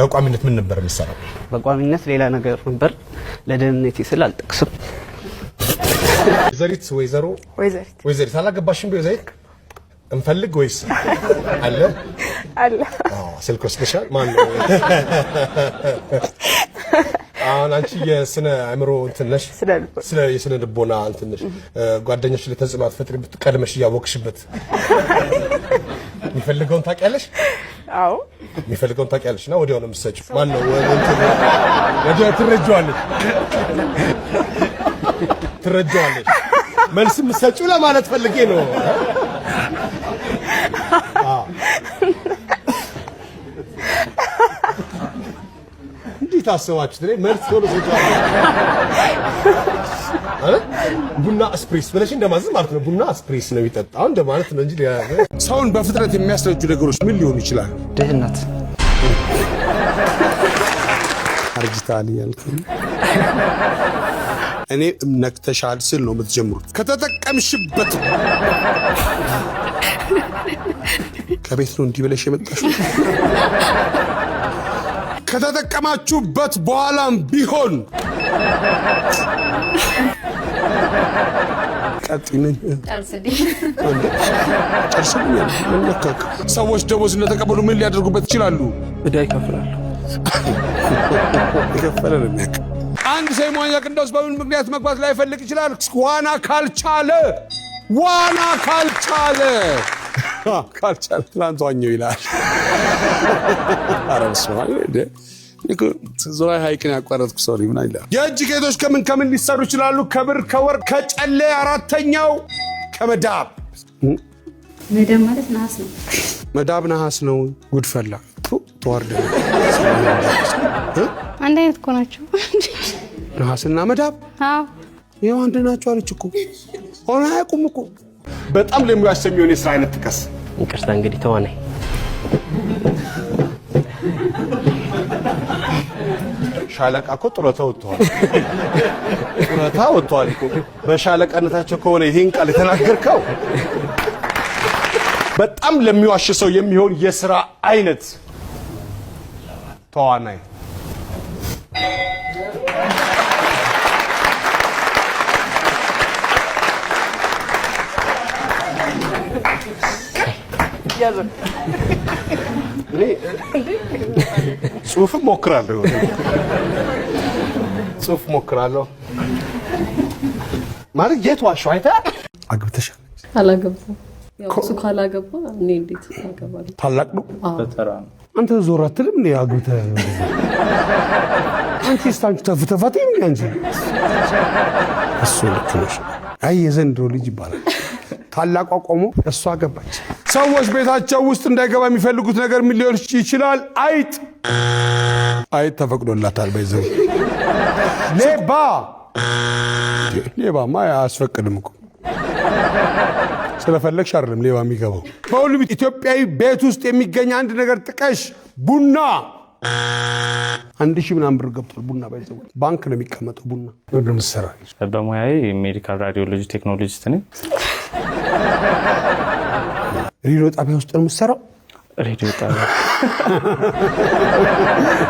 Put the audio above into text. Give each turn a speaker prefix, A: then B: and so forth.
A: በቋሚነት ምን ነበር የሚሰራው?
B: በቋሚነት ሌላ ነገር ነበር። ለደህንነት ስል አልጠቅስም።
A: ወይዘሪት ወይዘሮ ወይዘሪት አላገባሽም? ወይዘሪት እንፈልግ ወይስ አለ አለ ስልክ ወስደሻል? ማን ነው? አሁን አንቺ የስነ አእምሮ እንትን ነሽ፣ ስለ የስነ ልቦና እንትን ነሽ። ጓደኞች ላይ አትፈጥሪ ቀድመሽ እያወቅሽበት የሚፈልገውን ታውቂያለሽ? አዎ የሚፈልገውን ታውቂያለሽ። እና ወዲያው ነው የምትሰጪው። ማን ነው ወዲያው ትረጂዋለሽ፣ ትረጂዋለሽ። መልስ የምትሰጪው ለማለት ፈልጌ ነው። እንዴት አሰባችሁት? መልስ ቶሎ ቡና ስፕሬስ ብለሽ እንደማዘዝ ማለት ነው። ቡና ስፕሬስ ነው የሚጠጣው እንደማለት ነው እንጂ ሰውን በፍጥነት የሚያስረጁ ነገሮች ምን ሊሆኑ ይችላል? ድህነት፣ አርጅታል ያልኩ እኔ ነክተሻል ስል ነው የምትጀምሩት። ከተጠቀምሽበት ከቤት ነው እንዲህ ብለሽ የመጣሽው ከተጠቀማችሁበት በኋላም ቢሆን ሰዎች ደሞዝ እንደተቀበሉ ምን ሊያደርጉበት ይችላሉ?
B: እዳ ይከፍላሉ።
A: የከፈለ ነው የሚያውቅ። አንድ ሰው የመዋኛ ቅንዳውስ በምን ምክንያት መግባት ላይፈልግ ይችላል? ዋና ካልቻለ ዋና ካልቻለ ካልቻለ ትናንት ይላል። ኧረ በስመ ሀይቅን ያቋረጥኩ ሰው ምን ይላል? የእጅ ጌጦች ከምን ከምን ሊሰሩ ይችላሉ? ከብር፣ ከወርቅ፣ ከጨሌ፣ አራተኛው ከመዳብ። መዳብ ማለት ነሐስ ነው። ጉድ ፈላ። ተዋርደ
C: አንድ አይነት እኮ ናቸው።
A: ነሐስና መዳብ ይኸው አንድ ናቸው አለች እኮ ሆነ አያውቁም እኮ በጣም ለሙያ የሚሆን የስራ አይነት ጥቀስ።
B: ይቅርታ እንግዲህ ተዋናይ
A: ሻለቃ እኮ ጡረታ ወጥቷል። ጡረታ ወጥቷል እኮ በሻለቃነታቸው ከሆነ ይህን ቃል የተናገርከው በጣም ለሚዋሽ ሰው የሚሆን የስራ አይነት ተዋናይ አያዝም። ጽሁፍም ሞክራለሁ ጽሁፍ ሞክራለሁ ማለት የት ዋሸሁ? አይተሃል? አግብተሻል?
C: አላገባም። እሱ ካላገባ እኔ እንዴት አገባለሁ?
A: ታላቅ ነው። አንተ ዞር አትልም? እንደ አግብተህ አንቺ ስታንቹ ተፍተፋት እንጂ አንቺ እሱ ልክ ነሽ። አይ የዘንድሮ ልጅ ይባላል። ታላቋ ቆሞ እሷ አገባች። ሰዎች ቤታቸው ውስጥ እንዳይገባ የሚፈልጉት ነገር ምን ሊሆን ይችላል? አይጥ። አይጥ ተፈቅዶላታል። በይዘው ሌባ፣ ሌባማ አያስፈቅድም እኮ ስለፈለግሽ አይደለም ሌባ የሚገባው። በሁሉም ኢትዮጵያዊ ቤት ውስጥ የሚገኝ አንድ ነገር ጥቀሽ። ቡና አንድ ሺህ ምናምን ብር ገብቷል። ቡና ባይዘ ባንክ ነው የሚቀመጠው። ቡና ወደ
B: በሙያዬ ሜዲካል ራዲዮሎጂ ቴክኖሎጂስት ነኝ።
A: ሬዲዮ ጣቢያ ውስጥ ነው የምትሰራው?
B: ሬዲዮ ጣቢያ